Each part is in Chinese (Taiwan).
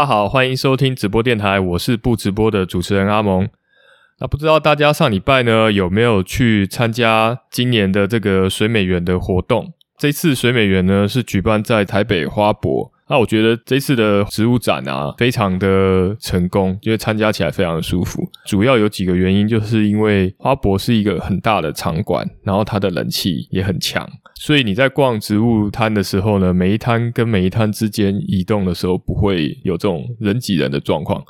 大家好，歡迎收聽直播電台，我是不直播的主持人阿蒙。那不知道大家上禮拜呢有沒有去參加今年的這個水美園的活動？這次水美園呢是舉辦在台北花博。那我覺得這次的植物展啊，非常的成功，因為參加起來非常的舒服。主要有幾個原因，就是因為花博是一個很大的場館，然後它的冷氣也很強，所以你在逛植物攤的時候呢，每一攤跟每一攤之間移動的時候，不會有這種人擠人的狀況。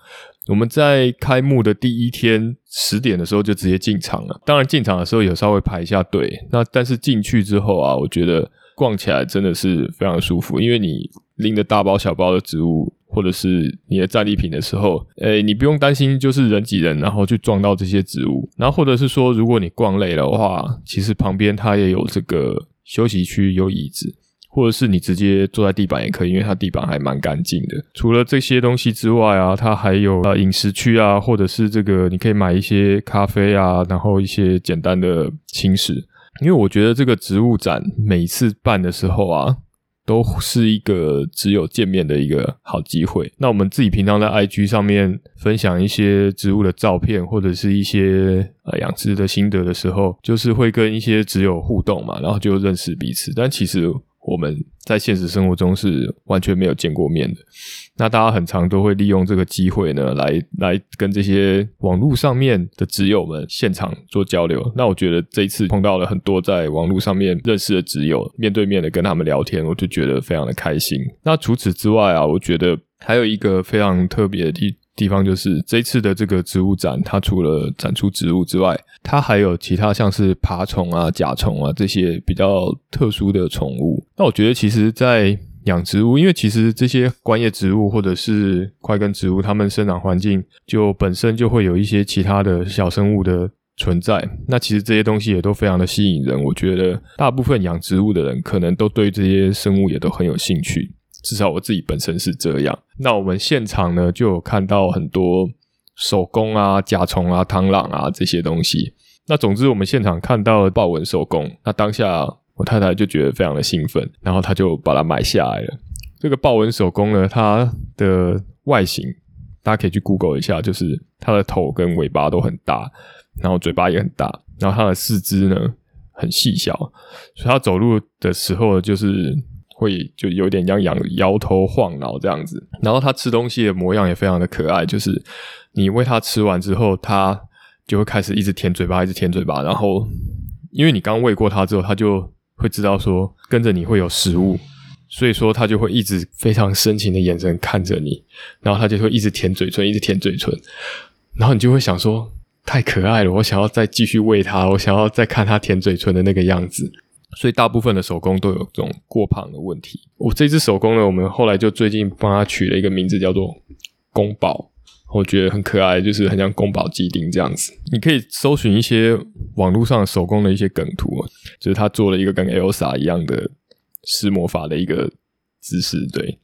我們在開幕的第一天十點的時候就直接進場了，當然進場的時候有稍微排一下隊，那但是進去之後啊，我覺得。逛起來真的是非常舒服，因為你拎着大包小包的植物，或者是你的戰利品的時候，誒，你不用擔心就是人擠人，然後就撞到這些植物。然後或者是說，如果你逛累的話，其實旁邊它也有這個休息區，有椅子，或者是你直接坐在地板也可以，因為它地板還蠻乾淨的。除了這些東西之外啊，它還有啊飲食區啊，或者是這個你可以買一些咖啡啊，然後一些簡單的輕食。因為我覺得這個植物展每次辦的時候啊，都是一個植友見面的一個好機會。那我們自己平常在 IG 上面分享一些植物的照片，或者是一些呃養殖的心得的時候，就是會跟一些植友互動嘛，然後就認識彼此。但其實，我們在現實生活中是完全沒有見過面的，那大家很常都會利用這個機會呢，來來跟這些網絡上面的摯友們現場做交流。那我覺得這一次碰到了很多在網絡上面認識的摯友，面對面的跟他們聊天，我就覺得非常的開心。那除此之外啊，我覺得還有一個非常特別的點。地方就是這次的這個植物展，它除了展出植物之外，它還有其他像是爬蟲啊、甲蟲啊這些比較特殊的寵物。那我覺得，其實，在養植物，因為其實這些觀葉植物或者是塊根植物，它們生長環境就本身就會有一些其他的小生物的存在。那其實這些東西也都非常的吸引人。我覺得，大部分養植物的人可能都對這些生物也都很有興趣。至少我自己本身是這樣。那我們現場呢，就有看到很多守宮啊、甲蟲啊、螳螂啊這些東西。那總之，我們現場看到豹紋守宮，那當下我太太就覺得非常的興奮，然後他就把它買下來了。這個豹紋守宮呢，它的外形大家可以去 Google 一下，就是它的頭跟尾巴都很大，然後嘴巴也很大，然後它的四肢呢很細小，所以它走路的時候就是。會就有點像搖搖頭晃腦這樣子，然後它吃東西的模樣也非常的可愛，就是你餵它吃完之後，它就會開始一直舔嘴巴，一直舔嘴巴。然後因為你剛餵過它之後，它就會知道說跟着你會有食物，所以說它就會一直非常深情的眼神看着你，然後它就會一直舔嘴唇，一直舔嘴唇。然後你就會想說太可愛了，我想要再繼續餵它，我想要再看它舔嘴唇的那個樣子。所以大部分的守宮都有這種過胖的問題。我這隻守宮呢，我們後來就最近幫它取了一個名字，叫做“宮保”，我覺得很可愛，就是很像宮保雞丁這樣子。你可以搜尋一些網絡上守宮的一些梗圖，就是他做了一個跟 Elsa 一樣的施魔法的一個姿勢。對，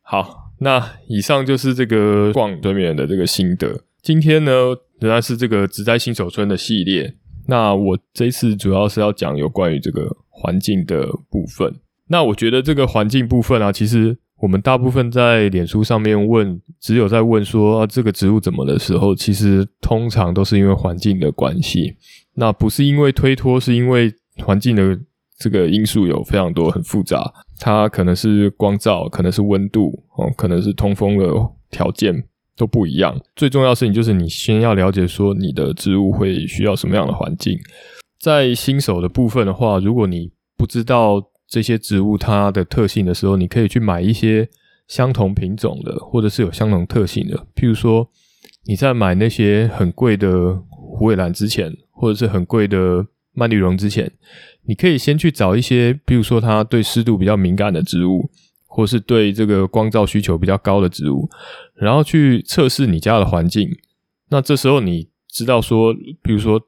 好，那以上就是這個逛水美園的這個心得。今天呢，仍然是這個植栽新手村的系列。那我這次主要是要講有關於這個。環境的部分，那我覺得這個環境部分啊，其實我們大部分在臉書上面問，只有在問說啊這個植物怎麼的時候，其實通常都是因為環境的關係，那不是因為推脫，是因為環境的這個因素有非常多，很複雜，它可能是光照，可能是溫度，哦，可能是通風的條件都不一樣。最重要的事情就是你先要了解說你的植物會需要什麼樣的環境。在新手的部分的話，如果你不知道這些植物它的特性的時候，你可以去買一些相同品種的，或者是有相同特性的。譬如說，你在買那些很貴的虎尾蘭之前，或者是很貴的蔓綠絨之前，你可以先去找一些，比如說它對濕度比較敏感的植物，或是對這個光照需求比較高的植物，然後去測試你家的環境。那這時候你知道說，比如說。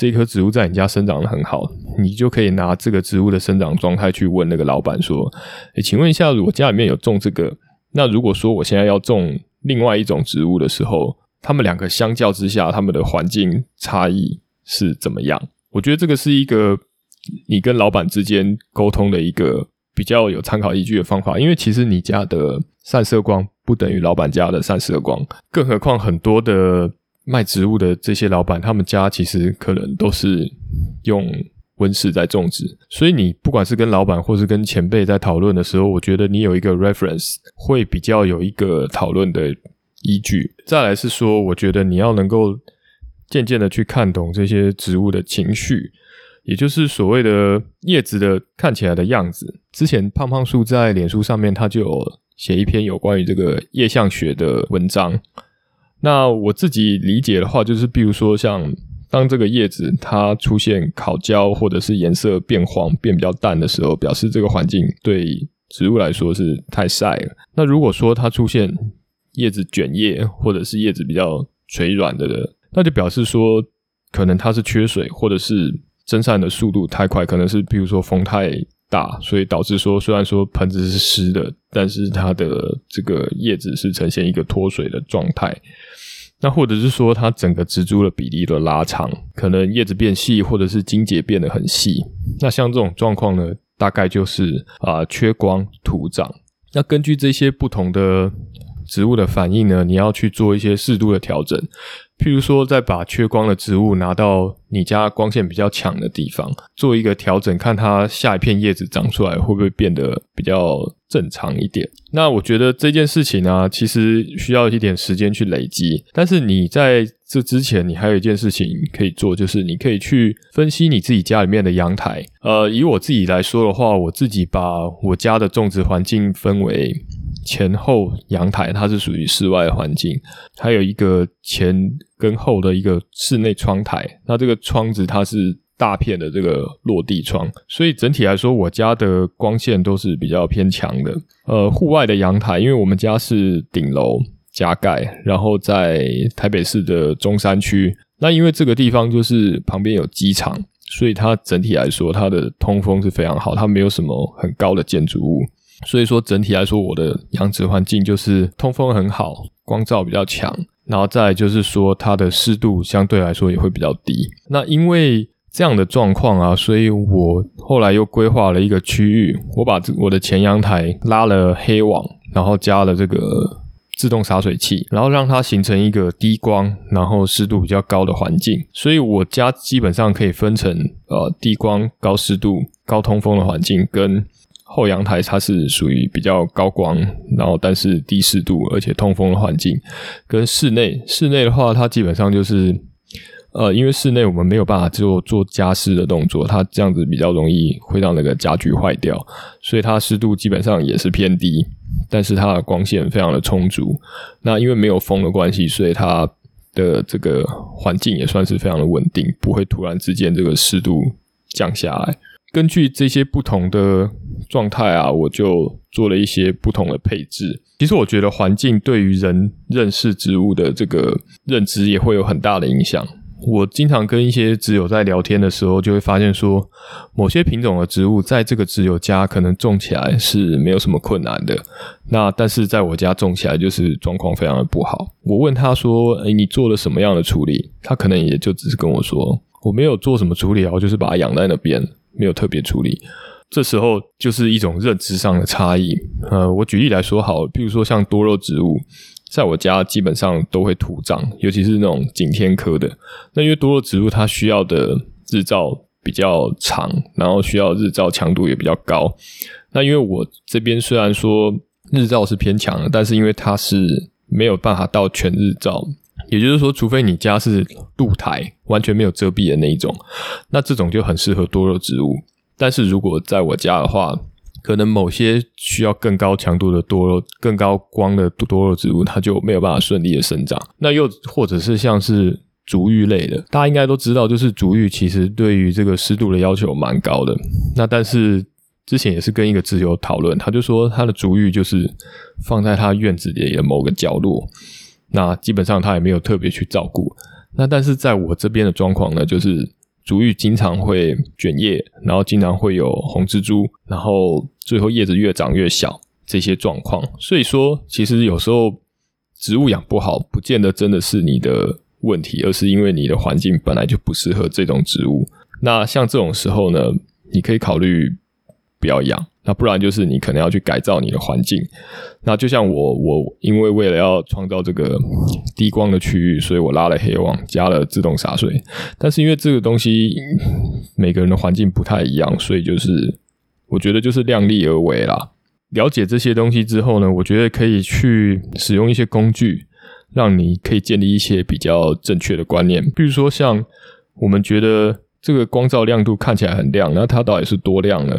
這棵植物在你家生長得很好，你就可以拿這個植物的生長狀態去問那個老闆說：“哎，請問一下，如果家裡面有種這個，那如果說我現在要種另外一種植物的時候，他們兩個相較之下，他們的環境差異是怎麼樣？”我覺得這個是一個你跟老闆之間溝通的一個比較有參考依據的方法，因為其實你家的散射光不等於老闆家的散射光，更何況很多的。賣植物的這些老闆，他們家其實可能都是用溫室在種植，所以你不管是跟老闆或是跟前輩在討論的時候，我覺得你有一個 reference 會比較有一個討論的依據。再來是說，我覺得你要能夠漸漸的去看懂這些植物的情緒，也就是所謂的葉子的看起來的樣子。之前胖胖樹在臉書上面，他就有寫一篇有關於這個葉相學的文章。那我自己理解的話，就是比如說，像當這個葉子它出現烤焦或者是顏色變黃、變比較淡的時候，表示這個環境對植物來說是太曬了。那如果說它出現葉子捲葉或者是葉子比較垂軟的的，那就表示說可能它是缺水，或者是蒸散的速度太快，可能是比如說風太。大，所以導致說，雖然說盆子是濕的，但是它的這個葉子是呈現一個脫水的狀態。那或者是說，它整個植株的比例都拉長，可能葉子變細，或者是莖節變得很細。那像這種狀況呢，大概就是啊、呃，缺光、徒長。那根據這些不同的。植物的反應呢，你要去做一些適度的調整，譬如說，再把缺光的植物拿到你家光線比較強的地方做一個調整，看它下一片葉子長出來會不會變得比較正常一點。那我覺得這件事情呢、啊，其實需要一點時間去累積。但是你在這之前，你還有一件事情可以做，就是你可以去分析你自己家裡面的陽台。呃，以我自己來說的話，我自己把我家的種植環境分為。前後陽台，它是屬於室外環境，還有一個前跟後的一個室內窗台。那這個窗子，它是大片的這個落地窗，所以整體來說，我家的光線都是比較偏強的。呃，戶外的陽台，因為我們家是頂樓加蓋，然後在台北市的中山區。那因為這個地方就是旁邊有機場，所以它整體來說它的通風是非常好，它沒有什麼很高的建築物。所以說，整體來說，我的養殖環境就是通風很好，光照比較強，然後再來就是說，它的濕度相對來說也會比較低。那因為這樣的狀況啊，所以我後來又規劃了一個區域，我把我的前陽台拉了黑網，然後加了這個自動灑水器，然後讓它形成一個低光、然後濕度比較高的環境。所以我家基本上可以分成，呃，低光、高濕度、高通風的環境跟。後陽台它是屬於比較高光，然後但是低濕度，而且通風的環境。跟室內，室內的話，它基本上就是，呃，因為室內我們沒有辦法做做加濕的動作，它這樣子比較容易會讓那個家具壞掉，所以它濕度基本上也是偏低。但是它的光線非常的充足，那因為沒有風的關係，所以它的這個環境也算是非常的穩定，不會突然之間這個濕度降下來。根據這些不同的狀態啊，我就做了一些不同的配置。其實我覺得環境對於人認識植物的這個認知也會有很大的影響。我經常跟一些植友在聊天的時候，就會發現說，某些品種的植物在這個植友家可能種起來是沒有什麼困難的，那但是在我家種起來就是狀況非常的不好。我問他說：“哎，你做了什麼樣的處理？”他可能也就只是跟我說：“我沒有做什麼處理，然我就是把它養在那邊。”沒有特別處理，這時候就是一種認知上的差異。呃，我舉例來說好了，比如說像多肉植物，在我家基本上都會土葬，尤其是那種景天科的。那因為多肉植物它需要的日照比較長，然後需要日照強度也比較高。那因為我這邊雖然說日照是偏強的，但是因為它是沒有辦法到全日照。也就是說，除非你家是露台，完全沒有遮蔽的那一種，那這種就很適合多肉植物。但是如果在我家的話，可能某些需要更高強度的多肉、更高光的多肉植物，它就沒有辦法順利的生長。那又或者是像是竹芋類的，大家應該都知道，就是竹芋其實對於這個濕度的要求蠻高的。那但是之前也是跟一個摯友討論，他就說他的竹芋就是放在他院子裡的某個角落。那基本上他也沒有特別去照顧，那但是在我這邊的狀況呢，就是竹芋經常會捲葉，然後經常會有紅蜘蛛，然後最後葉子越長越小這些狀況。所以說，其實有時候植物養不好，不見得真的是你的問題，而是因為你的環境本來就不適合這種植物。那像這種時候呢，你可以考慮不要養。那不然就是你可能要去改造你的環境。那就像我，我因為為了要創造這個低光的區域，所以我拉了黑網，加了自動灑水。但是因為這個東西每個人的環境不太一樣，所以就是我覺得就是量力而為啦。了解這些東西之後呢，我覺得可以去使用一些工具，讓你可以建立一些比較正確的觀念。比如說像我們覺得這個光照亮度看起來很亮，那它到底是多亮呢？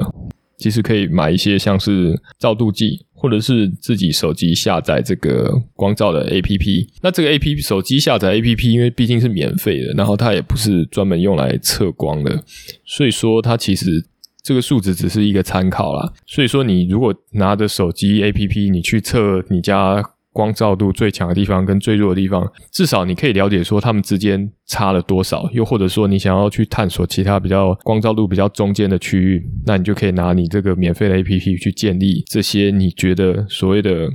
其實可以買一些像是照度計，或者是自己手機下載這個光照的 APP。那這個 APP 手機下載 APP，因為畢竟是免費的，然後它也不是專門用來測光的，所以說它其實這個數值只是一個參考啦。所以說你如果拿着手機 APP 你去測你家。光照度最強的地方跟最弱的地方，至少你可以了解說它們之間差了多少。又或者說，你想要去探索其他比較光照度比較中間的區域，那你就可以拿你這個免費的 APP 去建立這些你覺得所謂的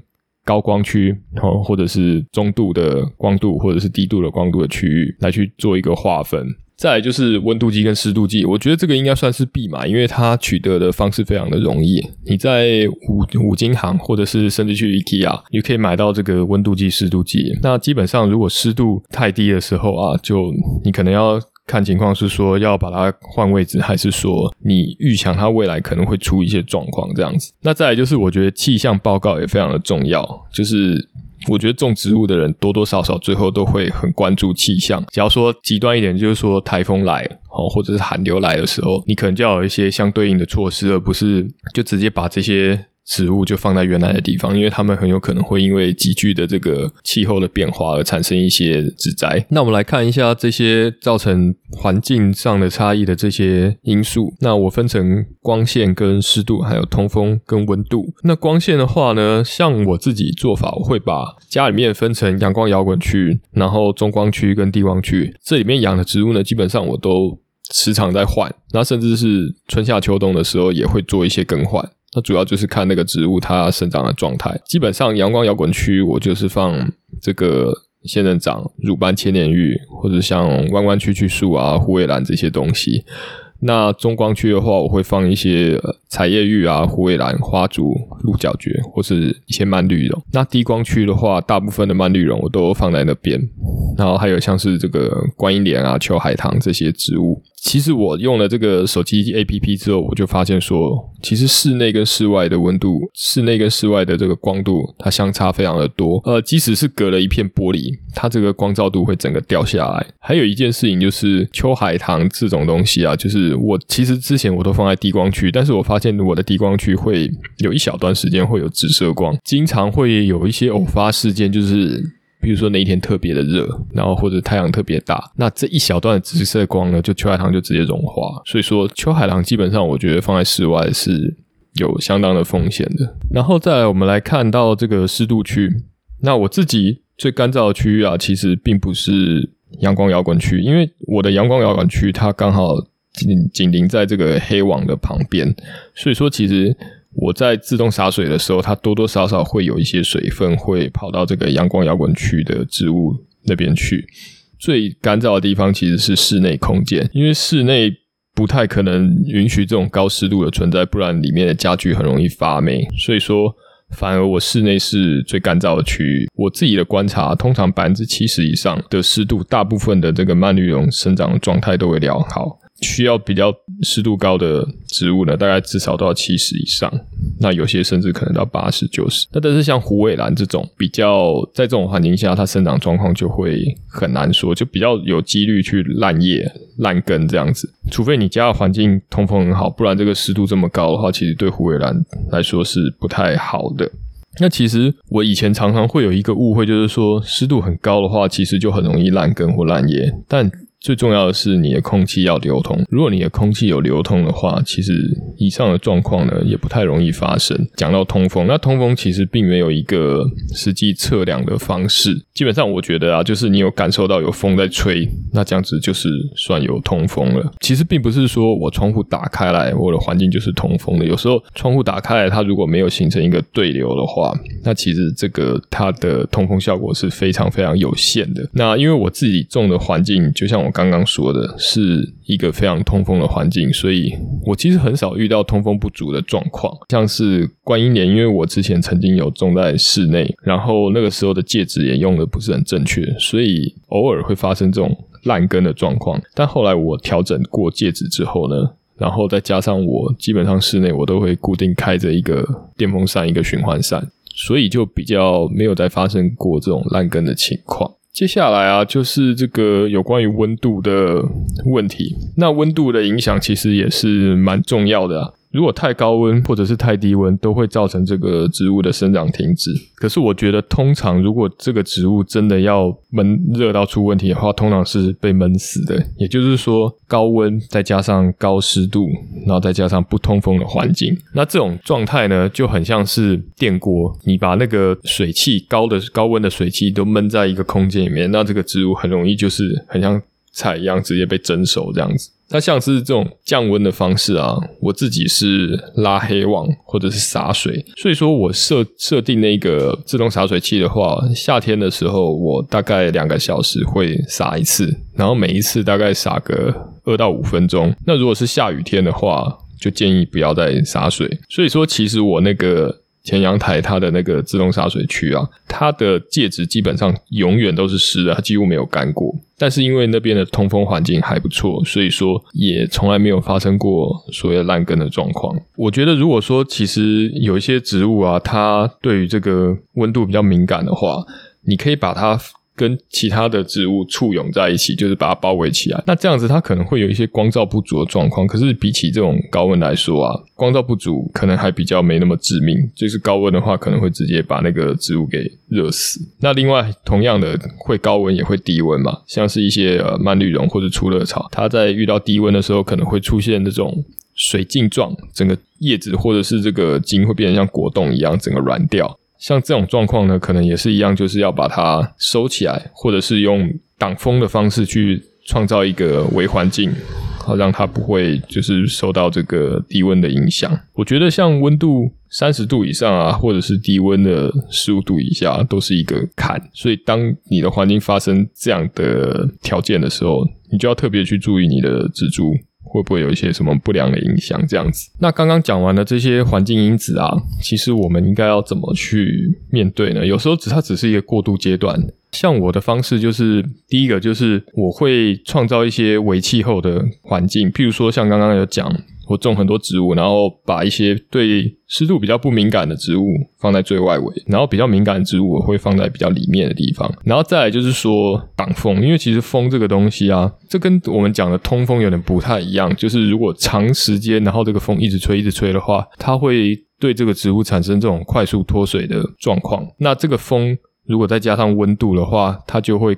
高光區，然後或者是中度的光度，或者是低度的光度的區域，來去做一個劃分。再來就是溫度計跟濕度計，我覺得這個應該算是必買，因為它取得的方式非常的容易。你在五,五金行或者是甚至去 IKEA，你可以買到這個溫度計、濕度計。那基本上如果濕度太低的時候啊，就你可能要看情況，是說要把它換位置，還是說你預想它未來可能會出一些狀況這樣子。那再來就是，我覺得氣象報告也非常的重要，就是。我覺得種植物的人多多少少最後都會很關注氣象。只要說極端一點，就是說台風來，哦，或者是寒流來的時候，你可能就要有一些相對應的措施，而不是就直接把這些。植物就放在原來的地方，因為它們很有可能會因為急劇的這個氣候的變化而產生一些植災。那我們來看一下這些造成環境上的差異的這些因素。那我分成光線、跟濕度，還有通風、跟溫度。那光線的話呢，像我自己做法，我會把家裡面分成陽光搖滾區，然後中光區跟低光區。這裡面養的植物呢，基本上我都時常在換，那甚至是春夏秋冬的時候也會做一些更換。它主要就是看那個植物它生長的狀態。基本上陽光搖滾區，我就是放這個仙人掌、乳斑千年玉，或者像彎彎曲曲樹啊、虎尾蘭這些東西。那中光區的話，我會放一些、呃、彩葉玉啊、虎尾蘭花燭、鹿角蕨，或是一些蔓綠絨。那低光區的話，大部分的蔓綠絨我都放在那邊。然後還有像是這個觀音蓮啊、秋海棠這些植物。其實我用了這個手機 APP 之後，我就發現說，其實室內跟室外的溫度，室內跟室外的這個光度，它相差非常的多。呃，即使是隔了一片玻璃，它這個光照度會整個掉下來。還有一件事情就是秋海棠這種東西啊，就是我其實之前我都放在低光區，但是我發現我的低光區會有一小段時間會有直射光，經常會有一些偶發事件，就是。比如說那一天特別的熱，然後或者太陽特別大，那這一小段的直射光呢，就秋海棠就直接融化。所以說秋海棠基本上，我覺得放在室外是有相當的風險的。然後再來我們來看到這個濕度區，那我自己最乾燥的區域啊，其實並不是陽光搖滾區，因為我的陽光搖滾區它剛好緊緊鄰在這個黑網的旁邊，所以說其實。我在自動灑水的時候，它多多少少會有一些水分會跑到這個陽光搖滾區的植物那邊去。最乾燥的地方其實是室內空間，因為室內不太可能允許這種高濕度的存在，不然裡面的家具很容易發霉。所以說，反而我室內是最乾燥的區域。我自己的觀察，通常百分之七十以上的濕度，大部分的這個蔓綠絨生長狀態都會良好。需要比較濕度高的植物呢，大概至少都要七十以上，那有些甚至可能到八十、九十。那但，但是像虎尾蘭這種比較在這種環境下，它生長狀況就會很難說，就比較有幾率去爛葉、爛根這樣子。除非你家的環境通風很好，不然這個濕度這麼高的話，其實對虎尾蘭來說是不太好的。那其實我以前常常會有一個誤會，就是說濕度很高的話，其實就很容易爛根或爛葉，但。最重要的是你的空氣要流通。如果你的空氣有流通的話，其實以上的狀況呢也不太容易發生。講到通風，那通風其實並沒有一個實際測量的方式。基本上，我覺得啊，就是你有感受到有風在吹，那這樣子就是算有通風了。其實並不是說我窗戶打開來，我的環境就是通風的。有時候窗戶打開來，它如果沒有形成一個對流的話，那其實這個它的通風效果是非常非常有限的。那因為我自己種的環境，就像我，剛剛說的是一個非常通風的環境，所以我其實很少遇到通風不足的狀況。像是觀音蓮，因為我之前曾經有種在室內，然後那個時候的介質也用的不是很正確，所以偶爾會發生這種爛根的狀況。但後來我調整過介質之後呢，然後再加上我基本上室內我都會固定開着一個電風扇、一個循環扇，所以就比較沒有再發生過這種爛根的情況。接下來啊，就是這個有關於溫度的問題。那溫度的影響其實也是蠻重要的啊。如果太高溫或者是太低溫，都會造成這個植物的生長停止。可是我覺得，通常如果這個植物真的要悶熱到出問題的話，通常是被悶死的。也就是說，高溫再加上高濕度，然後再加上不通風的環境，那這種狀態呢，就很像是電鍋，你把那個水汽高的高溫的水汽都悶在一個空間裡面，那這個植物很容易就是很像。菜一樣直接被蒸熟這樣子，那像是這種降溫的方式啊，我自己是拉黑網或者是灑水。所以說我，我設設定那個自動灑水器的話，夏天的時候我大概兩個小時會灑一次，然後每一次大概灑個二到五分鐘。那如果是下雨天的話，就建議不要再灑水。所以說，其實我那個。前陽台它的那個自動灑水區啊，它的介質基本上永遠都是濕的，它幾乎沒有乾過。但是因為那邊的通風環境還不錯，所以說也從來沒有發生過所謂爛根的狀況。我覺得如果說其實有一些植物啊，它對於這個溫度比較敏感的話，你可以把它。跟其他的植物簇擁在一起，就是把它包圍起來。那這樣子，它可能會有一些光照不足的狀況。可是比起這種高溫來說啊，光照不足可能還比較沒那麼致命。就是高溫的話，可能會直接把那個植物給熱死。那另外，同樣的會高溫也會低溫嘛，像是一些呃蔓綠絨或者粗肋草，它在遇到低溫的時候，可能會出現這種水浸狀，整個葉子或者是這個莖會變成像果凍一樣，整個軟掉。像這種狀況呢，可能也是一樣，就是要把它收起來，或者是用擋風的方式去創造一個微環境，好讓它不會就是受到這個低溫的影響。我覺得像溫度三十度以上啊，或者是低溫的十五度以下啊，都是一個坎。所以當你的環境發生這樣的條件的時候，你就要特別去注意你的植株。會不會有一些什麼不良的影響？這樣子。那剛剛講完了這些環境因子啊，其實我們應該要怎麼去面對呢？有時候只它只是一個過渡階段，像我的方式就是，第一個就是我會創造一些微氣候的環境，譬如說像剛剛有講。我種很多植物，然後把一些對濕度比較不敏感的植物放在最外圍，然後比較敏感的植物我會放在比較裡面的地方。然後再來就是說擋風，因為其實風這個東西啊，這跟我們講的通風有點不太一樣。就是如果長時間，然後這個風一直吹、一直吹的話，它會對這個植物產生這種快速脫水的狀況。那這個風如果再加上溫度的話，它就會。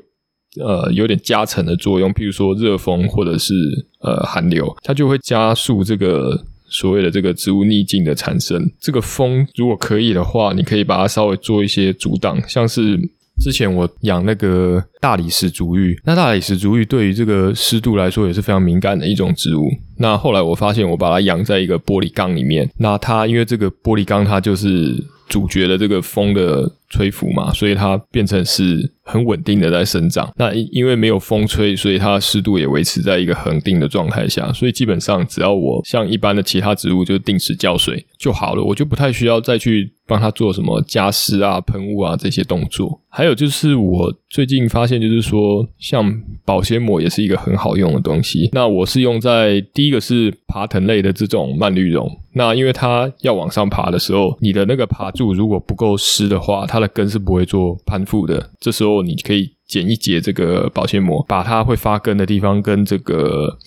呃，有點加成的作用，譬如說熱風或者是呃寒流，它就會加速這個所謂的這個植物逆境的產生。這個風如果可以的話，你可以把它稍微做一些阻擋，像是之前我養那個大理石竹芋。那大理石竹芋對於這個濕度來說也是非常敏感的一種植物。那後來我發現我把它養在一個玻璃缸裡面，那它因為這個玻璃缸，它就是阻絕了這個風的吹拂嘛，所以它變成是很穩定的在生長。那因因為沒有風吹，所以它的濕度也維持在一個恆定的狀態下。所以基本上只要我像一般的其他植物，就定時澆水就好了，我就不太需要再去幫它做什麼加濕啊、噴霧啊這些動作。還有就是我最近發現，就是說像保鮮膜也是一個很好用的東西。那我是用在第一個是爬藤類的這種蔓綠絨，那因為它要往上爬的時候，你的那個爬柱如果不夠濕的話，它它的根是不會做攀附的，這時候你可以剪一截這個保鮮膜，把它會發根的地方跟這個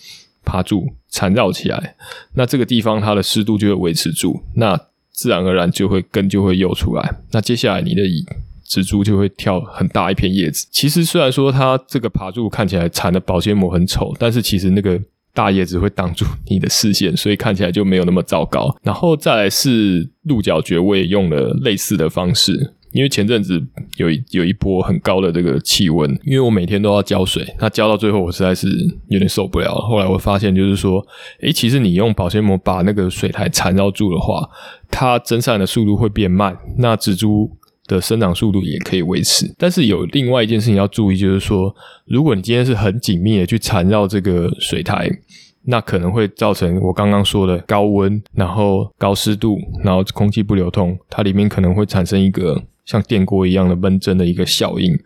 爬柱纏繞起來，那這個地方它的濕度就會維持住，那自然而然就會根就會又出來。那接下來你的植株就會跳很大一片葉子。其實雖然說它這個爬柱看起來纏的保鮮膜很醜，但是其實那個大葉子會擋住你的視線，所以看起來就沒有那麼糟糕。然後再來是鹿角蕨，我也用了類似的方式。因為前陣子有一有一波很高的這個氣溫，因為我每天都要澆水，那澆到最後我實在是有點受不了了。後來我發現，就是說，誒，其實你用保鮮膜把那個水苔纏繞住的話，它蒸散的速度會變慢，那植株的生長速度也可以維持。但是有另外一件事情要注意，就是說，如果你今天是很緊密的去纏繞這個水苔，那可能會造成我剛剛說的高溫，然後高濕度，然後空氣不流通，它裡面可能會產生一個。像電鍋一樣的悶蒸的一個效應，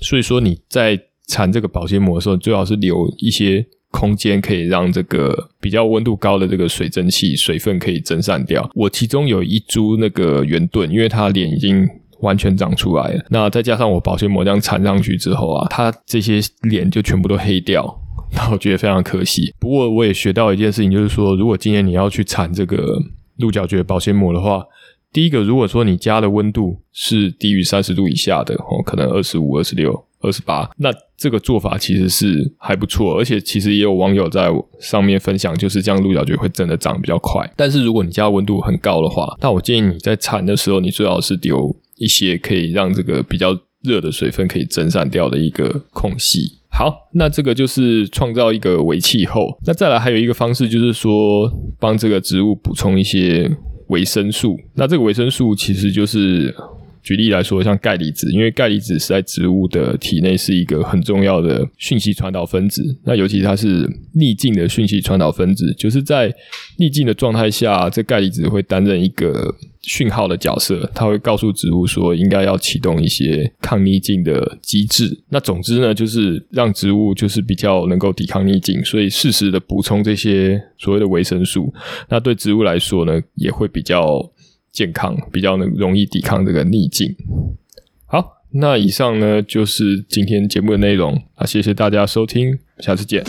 所以說你在纏這個保鮮膜的時候，最好是留一些空間，可以讓這個比較溫度高的這個水蒸氣、水分可以蒸散掉。我其中有一株那個圓盾，因為它臉已經完全長出來了，那再加上我保鮮膜這樣纏上去之後啊，它這些臉就全部都黑掉，那我覺得非常可惜。不過我也學到一件事情，就是說如果今年你要去纏這個鹿角蕨保鮮膜的話。第一個，如果說你家的溫度是低於三十度以下的，哦，可能二十五、二十六、二十八，那這個做法其實是還不錯，而且其實也有網友在上面分享，就是這樣鹿角蕨會真的長得比較快。但是如果你家溫度很高的話，那我建議你在鏟的時候，你最好是丟一些可以讓這個比較熱的水分可以蒸散掉的一個空隙。好，那這個就是創造一個微氣候。那再來還有一個方式，就是說幫這個植物補充一些。維生素，那這個維生素其實就是。舉例來說，像鈣離子，因為鈣離子是在植物的體內是一個很重要的訊息傳導分子。那尤其它是逆境的訊息傳導分子，就是在逆境的狀態下，這鈣離子會擔任一個訊號的角色，它會告訴植物說應該要啟動一些抗逆境的機制。那總之呢，就是讓植物就是比較能夠抵抗逆境，所以適時的補充這些所謂的維生素，那對植物來說呢，也會比較。健康，比較能容易抵抗這個逆境。好，那以上呢，就是今天節目的內容啊，謝謝大家收聽，下次見。